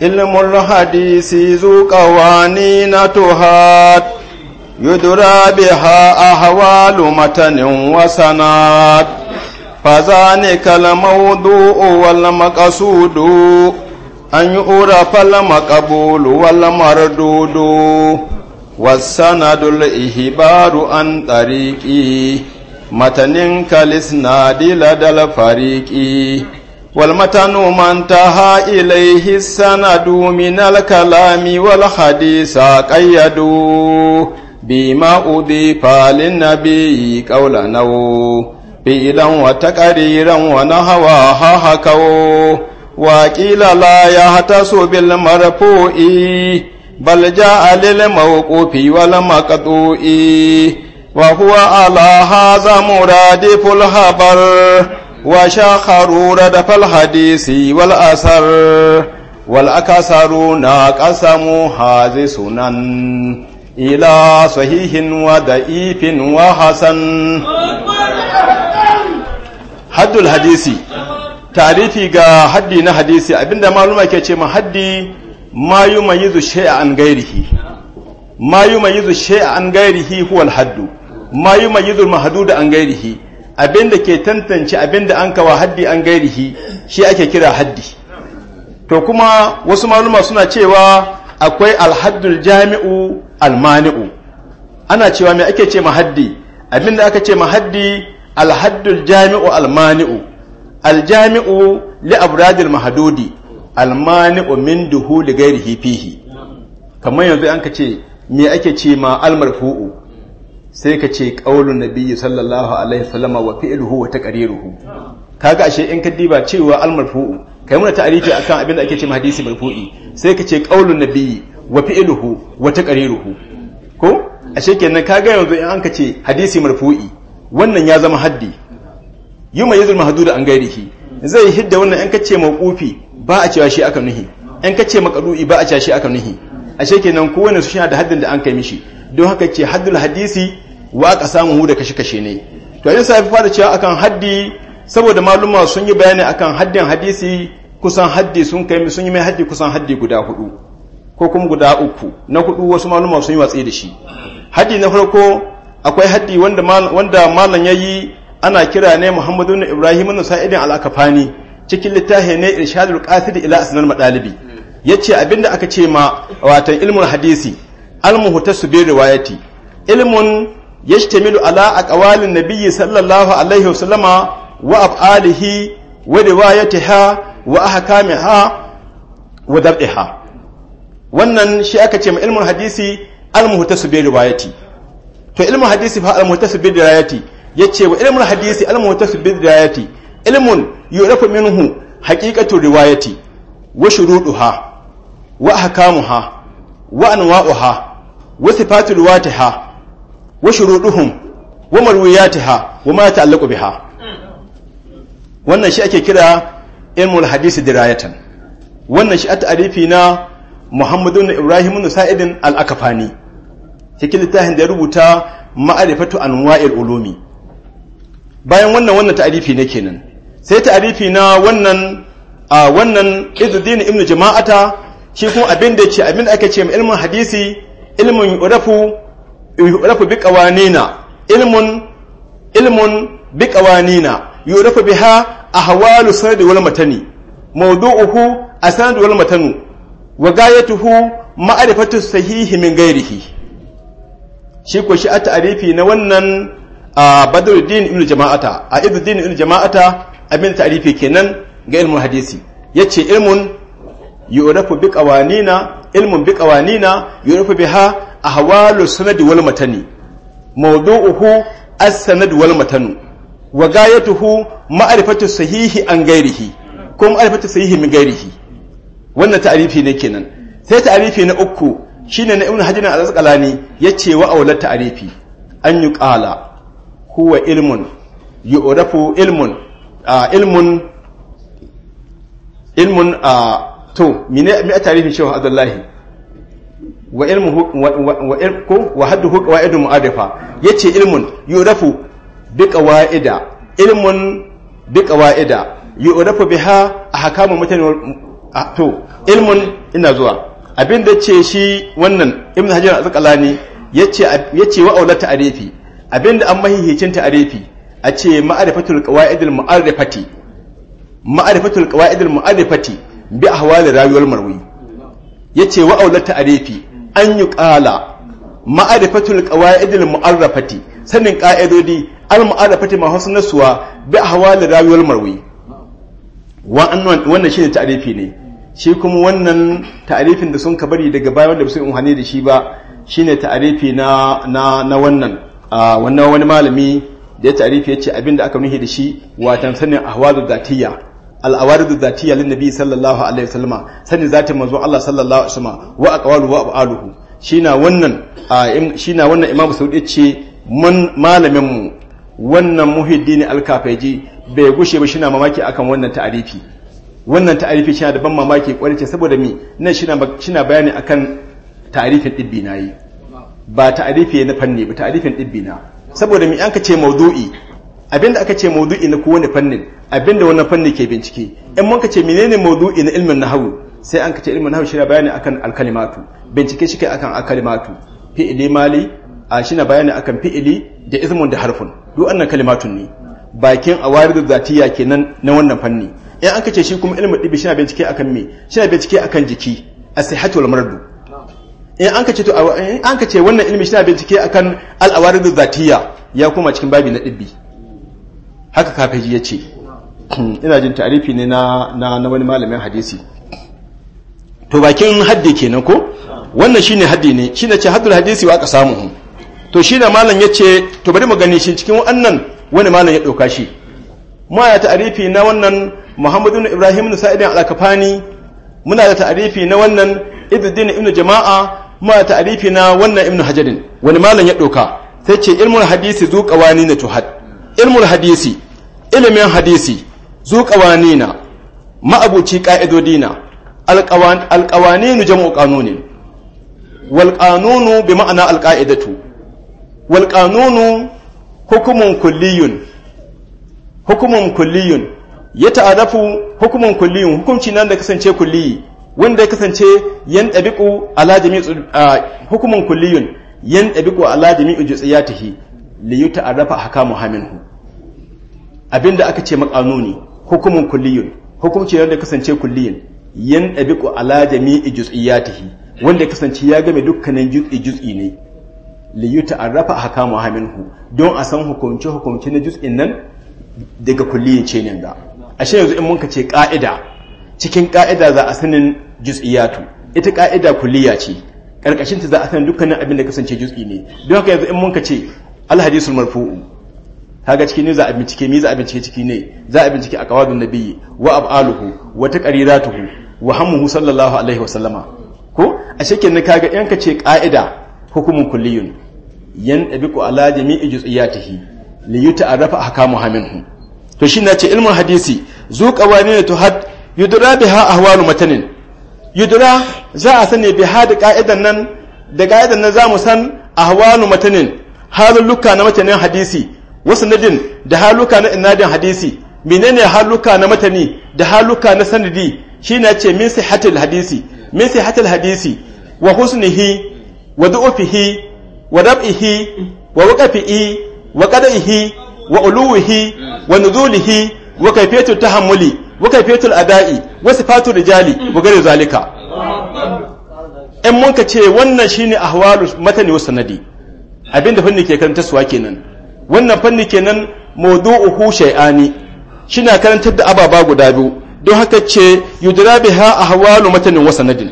ilmu hadisi zu ƙawani na tuhat yudura biha ahwalu matanin wasanat fazani kalmaudu wal maqsudu an yura fal maqbulu wal mardudu wasanadul ihbaru an tariqi matanin kalisnadi ladal fariqi والمتن ما انتهى إليه السند من الكلام والحديث قيدوه بما أضيف للنبي قولنا فعلا وتقريرا ونهواها هكو وقيل لا يهتس بالمرفوع بل جاء للموقوف والمقطوع وهو على هذا مرادف الخبر وشاخروا ردف na والأثر والأكثرون قسموا هذه سنن إلى صحيح وضعيف وحسن حد الحديث تعريفي ga haddi na hadisi abinda maluma ke ce ma haddi ma yumayizu shay'a an gairihi ma yumayizu shay'a an gairihi huwa al-haddu ma yumayizu al-mahdud an gairihi abinda ke tantance abinda an kawa haddi an gairihi shi ake kira haddi to kuma wasu maluma suna cewa akwai alhaddul jami'u almani'u ana cewa mai ake ce mahaddi abinda aka ce mahaddi alhaddul jami'u almani'u aljami'u li abradil mahadudi almani'u min duhuli gairihi fihi kamar yanzu an ka ce me ake ce ma almarfu'u sai ka ce qaulun nabiyyi sallallahu alaihi salama wa fi'luhu wa taqriruhu kaga ashe in ka diba cewa al Ka yi muna ta'arifi kan abin da ake cewa hadisi marfu'i sai ka ce qaulun nabiyyi wa fi'luhu wa taqriruhu ko ashe kenan kaga yanzu in an ka ce hadisi marfu'i wannan ya zama haddi yuma yazul mahdudu an gairihi zai hidda wannan in ka ce mawqufi ba a cewa shi aka nuhi in ka ce makadu'i ba a cewa shi aka nuhi ashe kenan kowanne su shi da haddin da an kai mishi don haka ce haddul hadisi waka samun mu da kashe-kashe ne to yin safi fara cewa akan haddi saboda maluma sun yi bayani akan haddin hadisi kusan haddi sun kai sun yi mai haddi kusan haddi guda hudu ko kuma guda uku na hudu wasu maluma sun yi watsi da shi haddi na farko akwai haddi wanda wanda ya yi ana kira ne Muhammadu ibn Ibrahim ibn Sa'idin al cikin littafi ne Irshadul Qasid ila Asnal Madalibi yace abinda aka ce ma watan ilmul hadisi al su bi riwayati ilmun yashtamilu ala aqwalin nabiyyi sallallahu alaihi wasallama wa af'alihi wa riwayatiha wa ahkamiha wa dab'iha wannan shi aka ce ma ilmul hadisi al-muhtasu bi riwayati to ilmul hadisi fa al-muhtasu bi riwayati yace wa ilmul hadisi al-muhtasu bi riwayati ilmun yurafu minhu haqiqatu riwayati wa shuruduha wa ahkamuha wa anwa'uha wa sifatu riwayatiha wa shuruduhum wa marwiyatiha wa ma ta'allaqu biha wannan shi ake kira ilmul hadisi dirayatan wannan shi at ta'arifi na ibn Ibrahim ibn Sa'id al-Akafani cikin littafin da ya rubuta ma'arifatu anwa'il ulumi bayan wannan wannan ta'arifi ne kenan sai ta'arifi na wannan a wannan izuddin ibn Jama'ata shi kuma abin da ce abin da aka ce ilmin hadisi ilmin urafu yurafu bi qawanina ilmun ilmun bi qawanina yurafu biha ahwalu sanadi wal matani mawdu'uhu asanad wal matanu wa gayatuhu ma'rifatu sahihi min ghairihi shi ko shi ta'arifi na wannan badruddin ibn jama'ata a ibn ibn jama'ata abin ta'arifi kenan ga ilmun hadisi yace ilmun yurafu bi qawanina ilmun bi qawanina yurafu biha ahwalu sanadi wal matani mawdu'uhu as-sanad wal matanu wa gayatuhu ma'rifatu sahihi an ghairihi ko ma'rifatu sahihi min ghairihi wannan ta'arifi ne kenan sai ta'arifi na uku shine na ibn hajar al-asqalani yace wa aulat ta'arifi an yuqala huwa ilmun yu'rafu ilmun ilmun ilmun to mine mi ta'arifin shehu abdullahi wa ilmu wa hadduhu qawaidun mu'arifa yace ilmun yurafu bi wa'ida ilmun bi qawaida yurafu biha ahkamu mutane to ilmun ina zuwa abinda ce shi wannan ibn hajar al-asqalani yace yace wa aulata ta'rifi abinda an mahihicin ta'rifi a ce ma'arifatul qawaidil mu'arifati ma'arifatul qawaidil mu'arifati bi ahwali rayuwar marwi yace wa aulata ta'rifi an yi ƙala ma'arifatul qawaidil mu'arrafati sanin ƙa'idodi al mu'arrafati ma husnasuwa bi da rayuwar marwi wannan shi ne ta'arifi ne shi kuma wannan ta'arifin da sun ka bari daga baya wanda sun umhane da shi ba ne ta'arifi na na wannan wannan wani malami da ya ta'arifi abin abinda aka nuhi da shi watan sanin ahwalu zatiyya al'awaridu zatiya lin nabi sallallahu alaihi wasallama sani zatin manzo Allah sallallahu alaihi wasallama wa aqwalu wa abaluhu shina wannan shina wannan imamu saudi ce malamin mu wannan muhiddin alkafaji bai gushe ba shina mamaki akan wannan ta'arifi wannan ta'arifi shi da ban mamaki kwarce saboda mi nan shina shina bayani akan ta'arifin dibbi nayi ba ta'arifi na fanni ba ta'arifin dibbi na saboda mi an ka ce mawdu'i abinda aka ce maudu'i na kowane fannin abinda wannan fanni ke bincike in mun ka ce menene maudu'i na ilmin nahwu sai an ka ce ilmin nahwu shi ne bayani akan alkalimatu bincike shi kai akan alkalimatu fi'ili mali a shi na bayani akan fi'ili da ismun da harfun duk wannan kalimatun ne bakin awaridu zatiya kenan na wannan fanni in an ce shi kuma ilmin dibi shi na bincike akan me shi na bincike akan jiki asihatul mardu in an ka ce to an ka ce wannan ilmi shi na bincike akan al-awaridu zatiya ya kuma cikin babi na dibi. haka kafaji ya ce ina jin tarifi ne na wani malamin hadisi to bakin haddi kenan ko wannan shine haddi ne shine ce haddul hadisi wa aka samu to shine malam ya ce to bari mu gani shi cikin wannan wani malam ya dauka shi ma ya ta'arifi na wannan Muhammad ibn Ibrahim ibn Sa'id al-Kafani muna da ta'arifi na wannan Ibn ibn Jama'a ma ya ta'arifi na wannan Ibn Hajarin wani malam ya dauka sai ce ilmul hadisi zu qawani na tuhad ilmul hadisi ilimin hadisi zu qawanina ma'abuci ka'idodina alqawaninu jam'u qanunin wal qanunu bi ma'ana alqa'idatu wal qanunu hukumun kulliyun hukumun kulliyun ya ta’adafu hukumun kulliyun hukunci nan da kasance kulliyi wanda ya kasance yan ɗabiƙu ala jami'u hukumun kulliyun yan ɗabiƙu alajami jami'u jutsiyatihi li yuta'arafa hakamu haminhu abinda aka ce makanuni hukumin kulliyun hukumci yadda wanda kasance kulliyin yan dabiqu ala jami'i juz'iyatihi wanda kasance ya game dukkanin juz'i juz'i ne li haka muhammin hu don a san hukumci hukumci na juz'in nan daga kulliyin ce ne ga shi yanzu in mun ka ce ka'ida cikin ka'ida za a sanin tu ita ka'ida kulliya ce ƙarƙashinta za a sanin dukkanin abin da kasance juz'i ne don haka yanzu in mun ka ce alhadisul marfu'u kaga ciki ne za a bincike mi za a bincike ciki ne za a bincike aqwalun nabiyyi wa ab'aluhu wa taqriratuhu wa hammuhu sallallahu alaihi wa sallama ko a shekin ne kaga yanka ce qa'ida hukumun kulliyun yan dabiqu ala jami'i juz'iyatihi li yuta'arafa ahkamu haminhu to shi na ce ilmin hadisi zu qawanin had yudra biha ahwalu matanin yudra za a sani bi da qa'idan nan da qa'idan nan za mu san ahwalu matanin halu luka na matanin hadisi wasu nadin da haluka na inadin hadisi menene haluka na matani da haluka na sanadi shine ce min sihhatil hadisi min sihhatil hadisi wa husnihi wa du’ufihi, wa rab'ihi wa waqfihi wa qadaihi wa uluwihi wa nuzulihi wa kayfiyatu tahammuli wa kayfiyatu ada'i wa sifatu rijali wa gari zalika in mun ka ce wannan shine ahwalu matani wa sanadi abinda fanni ke karanta suwa kenan wannan fanni kenan mawdu'uhu shay'ani shina karantar da ababa guda biyu don haka ce yudra biha ahwalu matanin wa sanadin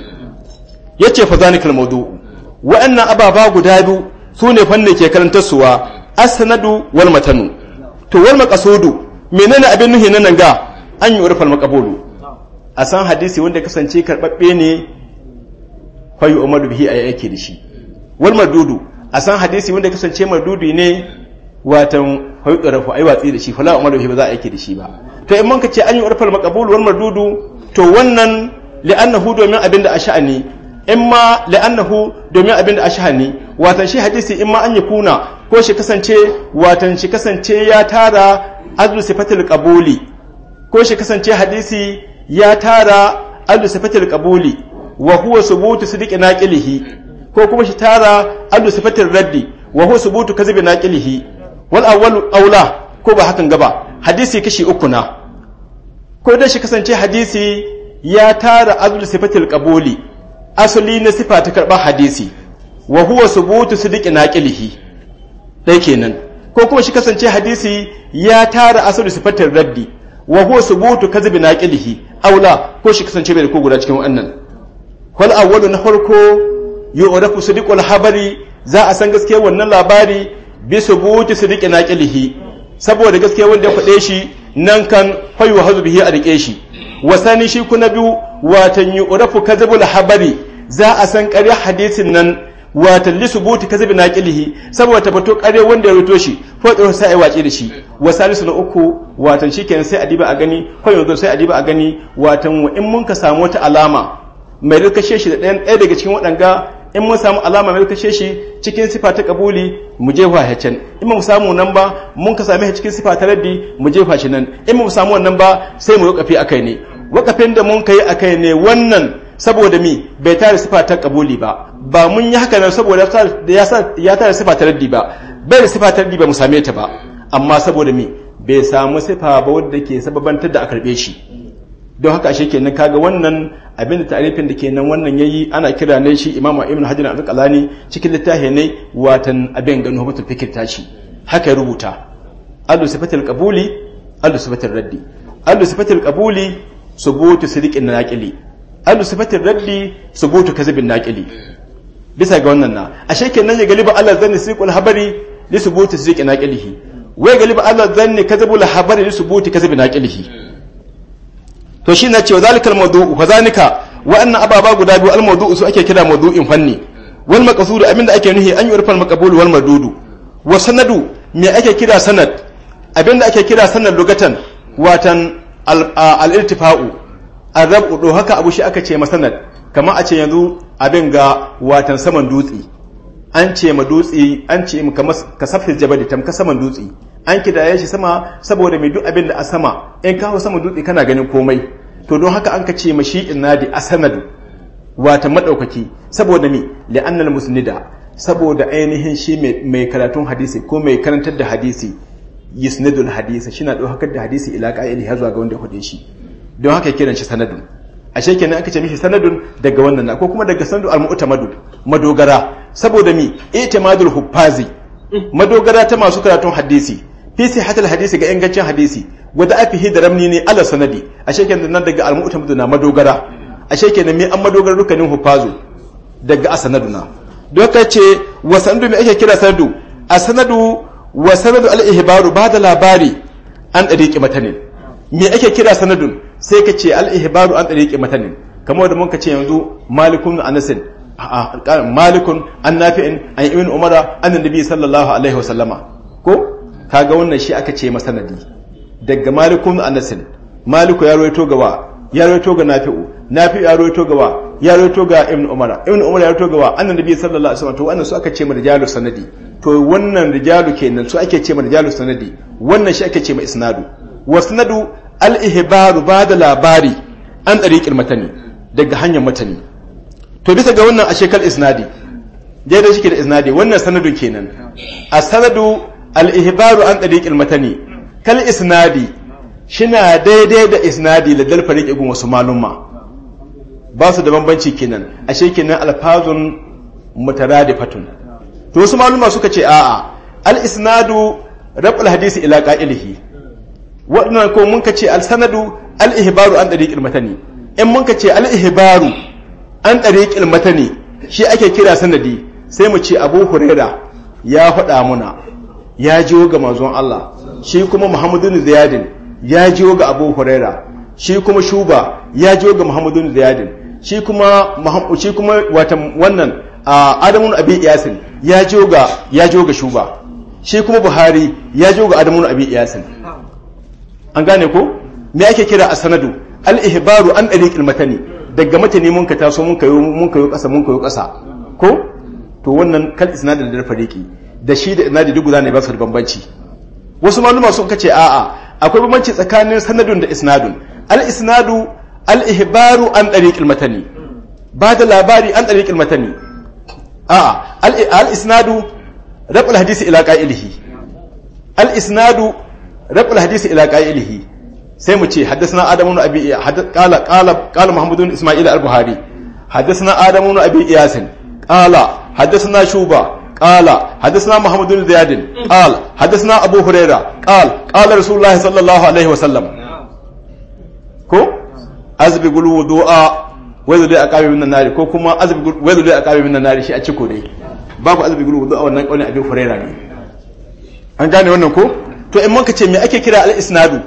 yace fa zalikal mawdu'u wa'annan ababa guda biyu sune fanni ke karantar suwa asnadu wal matanu to wal maqsudu menene abin nuhi nan ga an yi urfal maqbulu a san hadisi wanda kasance karbabbe ne fa umaru bihi ayyake da shi wal madudu a san hadisi wanda kasance madudu ne watan a yi watsi da shi fala umar ba za a yake da shi ba to in man ka ce an yi warfar makabul wal mardudu to wannan li'annahu domin abin da sha'ani in ma li'annahu domin abin da sha'ani watan shi hadisi in ma an yi kuna ko shi kasance watan shi kasance ya tara azlu sifatil qabuli ko shi kasance hadisi ya tara azlu sifatil qabuli wa huwa subutu sidqi naqilihi ko kuma shi tara azlu sifatil raddi wa huwa subutu kadhibi naqilihi wal aula ko ba hakan gaba hadisi kashi uku na ko dai shi kasance hadisi ya tara azul sifatil qabuli asali na sifa ta karba hadisi wa huwa subutu sidqi naqilihi dai kenan ko kuma shi kasance hadisi ya tara asali sifatil raddi wa huwa subutu kadhibi naqilihi aula ko shi kasance bai ko guda cikin wannan wal awwalu na farko yu'rafu sidqul habari za a san gaskiyar wannan labari Bisu bi riƙe na ƙilihi saboda gaske wanda ya faɗe shi nan kan fayuwa hazu bihi a rike shi wasani shi kuna biyu watan urafu kazibul habari za a san ƙarya hadisin nan watan li subuti kazibi ƙilihi saboda tabbato ƙarya wanda ya rito shi ko tsoro sai ai wace da shi wasani na uku watan kenan sai a diba a gani fayu zo sai a diba a gani watan in mun ka samu wata alama mai rikashe shi da ɗaya daga cikin waɗanga in mun samu alama mai kashe shi cikin sifa ta kabuli mu jefa hacen in mun samu nan ba mun ka same shi cikin sifa ta raddi mu jefa shi nan in mun samu wannan ba sai mu yi kafi akai ne wakafin da mun kai akai ne wannan saboda mi bai tare sifa ta kabuli ba ba mun yi haka nan saboda ya tare sifa ta raddi ba bai da sifa ta raddi ba mu same ta ba amma saboda mi bai samu sifa ba wanda ke sababantar da a karbe shi don haka shi kenan kaga wannan abin da tarifin da ke nan wannan ya yi ana kira ne shi imamu ibn hajar al-asqalani cikin littafi ne watan abin ganu hukumatu fikir shi haka ya rubuta allu sifatul qabuli allu sifatul raddi allu sifatul qabuli subutu sidiqin naqili allu sifatul raddi subutu kazibin naqili bisa ga wannan na a ashe kenan ya galiba Allah zanni siqul habari li subutu sidiqin naqilihi wai galiba Allah zanni kazibul habari li subutu kazibin naqilihi to shi na cewa zalikal mawdu'u wa zalika wa'annan ababa guda biyu al su ake kira mawdu'in fanni wal maqsudu abinda ake nuhi an yurfa al maqbul wal madudu wa sanadu me ake kira sanad abinda ake kira sanad lugatan watan al irtifa'u arrabu do haka abu shi aka ce masanad kama a ce yanzu abin ga watan saman dutse an ce ma dutse an ce mu kamar kasafil jabali tam ka saman dutse an kidaye shi sama saboda mai duk abin da a sama in kawo sama dutse kana ganin komai to don haka an ka ce mashi innadi asanadu wata madaukaki saboda mi li'annal musnida saboda ainihin shi mai karatun hadisi ko mai karantar da hadisi yusnidul hadisi shi na ɗaukar da hadisi ila ƙa'ili har zuwa ga wanda ya shi don haka kiran shi sanadun ashe kenan aka ce mishi sanadun daga wannan na ko kuma daga sanadu al mu'tamadu madogara saboda mi itimadul huffazi mm. madogara ta masu karatun hadisi fi hadisi ga ingancin hadisi wa da'afihi da ramni ne ala sanadi ashe kenan nan daga al na madogara me an madogara rukanin daga ce wa sanadu me ake kira sanadu asanadu wa sanadu al ba da labari an dariqi matanin me ake kira sanadun sai ka ce al an ɗari dariqi matanin kamar da mun ka ce yanzu malikun anasin malikun an nafi'in an ibn umara annabi sallallahu alaihi wasallama ko kaga wannan shi aka ce masanadi daga malikun anasin maliku ya rawaito wa ya rawaito ga nafi'u nafi'u ya rawaito wa ya rawaito ga ibn umar ibn umar ya Annan da annabi sallallahu alaihi wasallam to wannan su aka ce mu rijalu sanadi to wannan rijalu kenan su ake ce mu rijalu sanadi wannan shi ake ce ma isnadu wasnadu al-ihbaru ba da labari an ɗariƙin matani daga hanyar matani to bisa ga wannan a shekar isnadi da shi ke da isnadi wannan sanadu kenan a sanadu al’ihibaru an tariqil matani kal isnadi shina daidai da isnadi da dal fariqi gun wasu malumma ba su da bambanci kinan a shekinan alfazun fatun to wasu malumma suka ce a'a al-isnadu rabul hadisi ila ƙa’ilihi waɗannan ko mun ce al-sanadu al’ihibaru an tariqil matani in mun ka ce ihbaru an tariqil matani shi ake kira sanadi sai mu ce Abu hurera ya faɗa muna ya jiwo ga manzon Allah shi kuma Muhammadu Ziyadin ya jiwo ga Abu Huraira shi kuma Shuba ya jiwo ga Muhammadu Ziyadin shi kuma shi kuma watan wannan Adamu Abi Yasin ya jiwo ga ya jiwo ga Shuba shi kuma Buhari ya jiwo ga Adamu Abi Yasin an gane ko me ake kira a sanadu al-ihbaru an dariqil matani daga matani mun ka taso mun ka mun kayo kasa mun kayo kasa ko to wannan kal isnadul darfariqi da shi da inadi duk guda ne ba su da bambanci wasu maluma sun kace a'a akwai bambanci tsakanin sanadun da isnadun al isnadu al ihbaru an tariqil matani ba da labari an tariqil matani a'a al isnadu raqul hadisi ila qa'ilihi al isnadu raqul hadisi ila qa'ilihi sai mu ce haddathana adamu ibn abi qala qala qala muhammadu ibn isma'il al-buhari haddathana adamu ibn abi yasin qala haddathana shuba قال حدثنا محمد بن زياد قال حدثنا ابو هريره قال قال رسول الله صلى الله عليه وسلم كو ازب ازبغ الوضوء وذل اقابي من النار كو كما ازب وذل اقابي من النار شي اتشكو دي dai ازب ku azbigul wudu a wannan kaulin abin hurera ne an gane wannan ko to in muka ce me ake kira al isnadu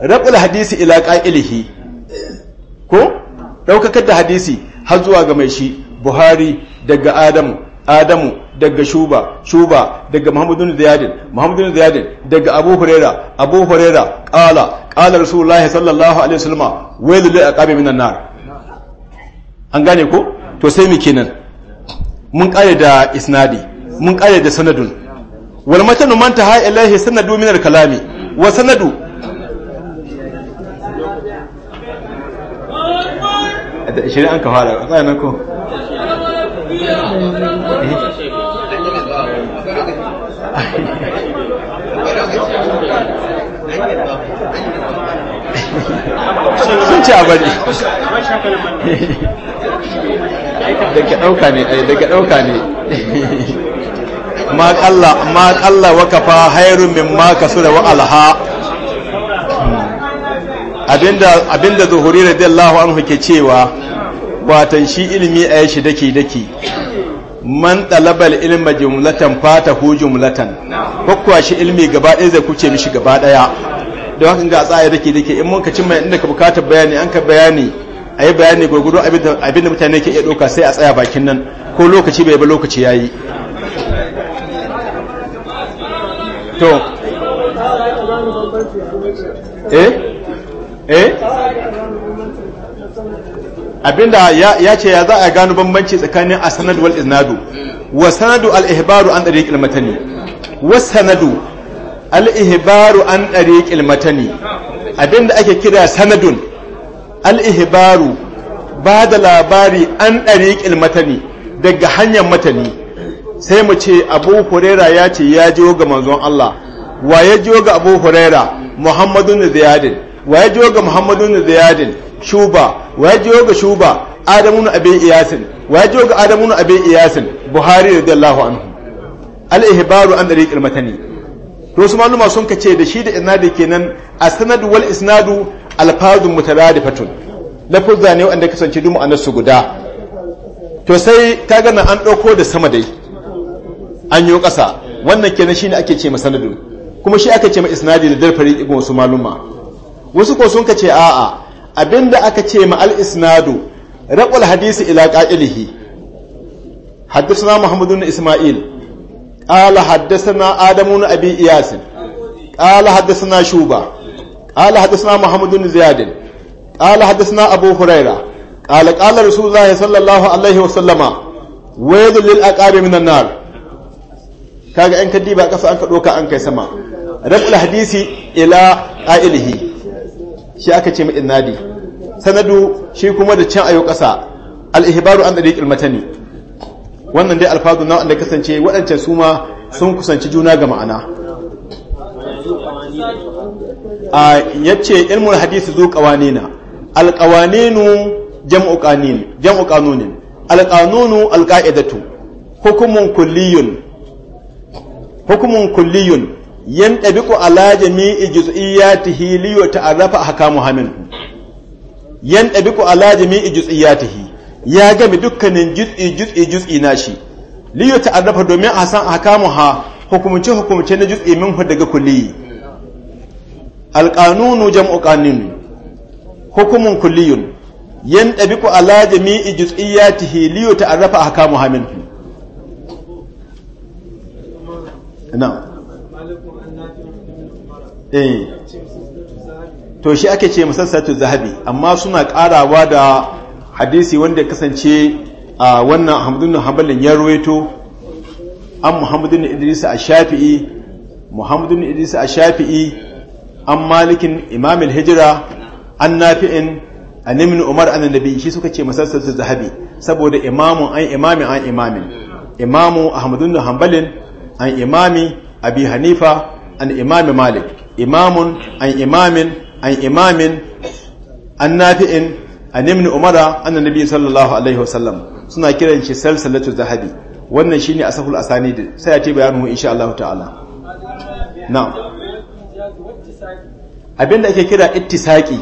rabul hadisi ila qa'ilihi ko daukakar da hadisi har zuwa ga mai shi buhari daga adamu adamu daga shuba shuba daga muhammadu ziyadin muhammadu ziyadin daga abu huraira abu huraira kala qala rasulullahi sallallahu alaihi wasallam wailul lil aqabi minan nar an gane ko to sai muke kenan mun kare da isnadi mun kare da sanadun wal matanu man taha ilaihi sanadu min al kalami wa sanadu shirin an ka fara a tsayanan ko sun ci a daga ɗauka ne daga ɗauka ne ma ƙalla wakafa hairun min ma kasu da wa'alha abinda zuhuri radiyallahu anhu ke cewa watan shi ilimi a yashi daki-daki man talabal ilma jumlatan fata ko jumlatan kwakwa shi ilmi gaba ɗaya zai kuce mishi gaba ɗaya don haka ga tsaya dake dake in mun ka cimma inda ka bukatar bayani an ka bayani a yi bayani gwargwado abin da mutane ke iya ɗauka sai a tsaya bakin nan ko lokaci bai ba lokaci ya yi to eh eh abinda ya ce ya za a gano bambanci tsakanin sanadu wal iznadu hmm. wa sanadu al an dariq al matani wa sanadu al an dariq al matani abinda ake kira sanadun al ihbaru ba da labari an dariq al matani daga hanyar matani sai mu ce abu hurera ya ce ya ga manzon Allah wa ya jiyo ga abu huraira muhammadun ziyadin wa ya jiwo ga muhammadun ziyadin shuba wa ya jiwo ga shuba adamun abin iyasin wa ya jiwo ga adamun abin iyasin buhari radiyallahu anhu al'ihibaru ihbaru an dariqil matani to wasu maluma sun kace da shi da isnadi kenan a sanadu wal isnadu alfazun fatun lafuz zane wanda kasance dumu anas su guda to sai ta gana an dauko da sama dai an yi ƙasa wannan kenan shine ake ce sanadu, kuma shi aka ce ma isnadi da darfari ibn wasu maluma wasu ko sun ka ce a'a abinda aka ce ma al-isnadu raqul hadisi ila qa'ilihi haddathana muhammadu ibn isma'il qala haddathana adamu ibn abi iyas qala haddathana shuba qala haddathana muhammadu ziyadin ziyad qala haddathana abu huraira qala qala rasulullahi sallallahu alaihi wasallama waydul lil aqabi minan nar kaga an kaddi ba kasa an ka an kai sama raqul hadisi ila qa'ilihi shi aka ce nadi sanadu shi kuma da can ayo ƙasa al’ihibaru an an dariqil matani wannan dai alfadu na wanda kasance waɗancan su ma sun kusanci juna ga ma'ana a yace ilmul hadisi zo ƙawanina alƙawaninu jam'u ƙanunin alƙanunu alƙa’idatu al hukumun kulliyun hukumun kulliyun yan yantabiqu ala jami'i juz'iyyatihi li yata'arrafa ahkamu hamin yantabiqu ala jami'i juz'iyyatihi ya gami dukkanin juz'i juz'i juz'i nashi li yata'arrafa domin a san haka ha hukumce hukumce na min minhu daga kulli alƙanunu jam'u ƙaninu hukumun kulliyun yantabiqu ala jami'i hiliyo ta yata'arrafa ahkamu hamin na'am eh to shi ake ce musassatu zahabi amma suna karawa da hadisi wanda kasance a wannan hamdun hanbalin ya ruwaito an muhammadun idris a shafi'i muhammadun idris a shafi'i an malikin imamil hijira an nafi'in a nimin umar an nabi shi suka ce masassatu zahabi saboda imamun an imamin an imamin imamu ahmadun hanbalin an imami abi hanifa an imami malik imamun an imamin an imamin an nafi'in nemi ni umara da nabi sallallahu alaihi wasallam suna kiran shi salsalatu zahabi wannan shine asani da sai ya ce bayanin insha Allah ta'ala na abinda ake kira ittisaki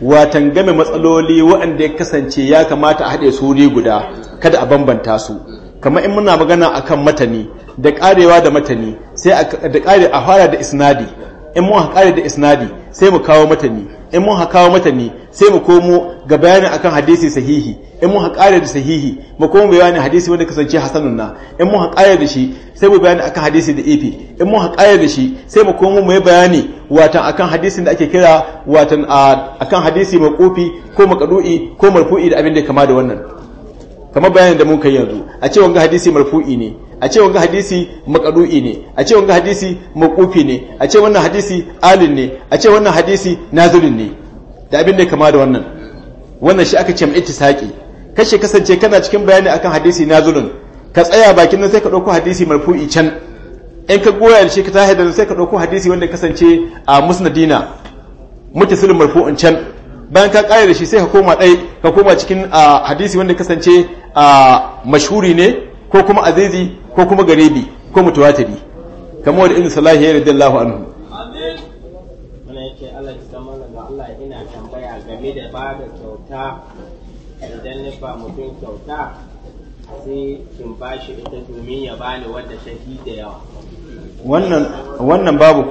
watan game matsaloli waɗanda ya kasance ya kamata a haɗe suri guda kada a bambanta su kamar in muna magana akan matani da ƙarewa da matani sai da ƙare a fara da isnadi in mun haƙari da isnadi sai mu kawo matani in mun kawo matani sai mu komo ga bayanin akan hadisi sahihi in mun haƙari da sahihi mu komo bayanin hadisi wanda kasance hasanun na in mun haƙari da shi sai mu bayani akan hadisi da ifi in mun haƙari da shi sai mu komo mu yi bayani watan akan hadisin da ake kira watan akan hadisi mai kofi ko makadu'i ko marfu'i da abin da kama da wannan kamar bayanin da mun kai yanzu a ce wanga hadisi marfu'i ne a ce wanga hadisi makadu'i ne a ce wanga hadisi makufi ne a ce wannan hadisi alin ne a ce wannan hadisi nazirin ne da abin da kama da wannan wannan shi aka ce mai ittisaqi kashe kasance kana cikin bayani akan hadisi nazirin ka tsaya bakin nan sai ka dauko hadisi marfu'i can in ka goya da shi ka tahi da sai ka dauko hadisi wanda kasance a musnadina mutasil marfu'in can bayan ka kare da shi sai ka koma dai ka koma cikin ah, hadisi wanda kasance a ah, mashhuri ne ko kuma azizi ko kuma garebi ko mutawatiri kamar wanda ibn salahi ya radiyallahu anhu wannan yake ya Allah tambaya game da idan ba mutum sai ita ya bani da yawa wannan babu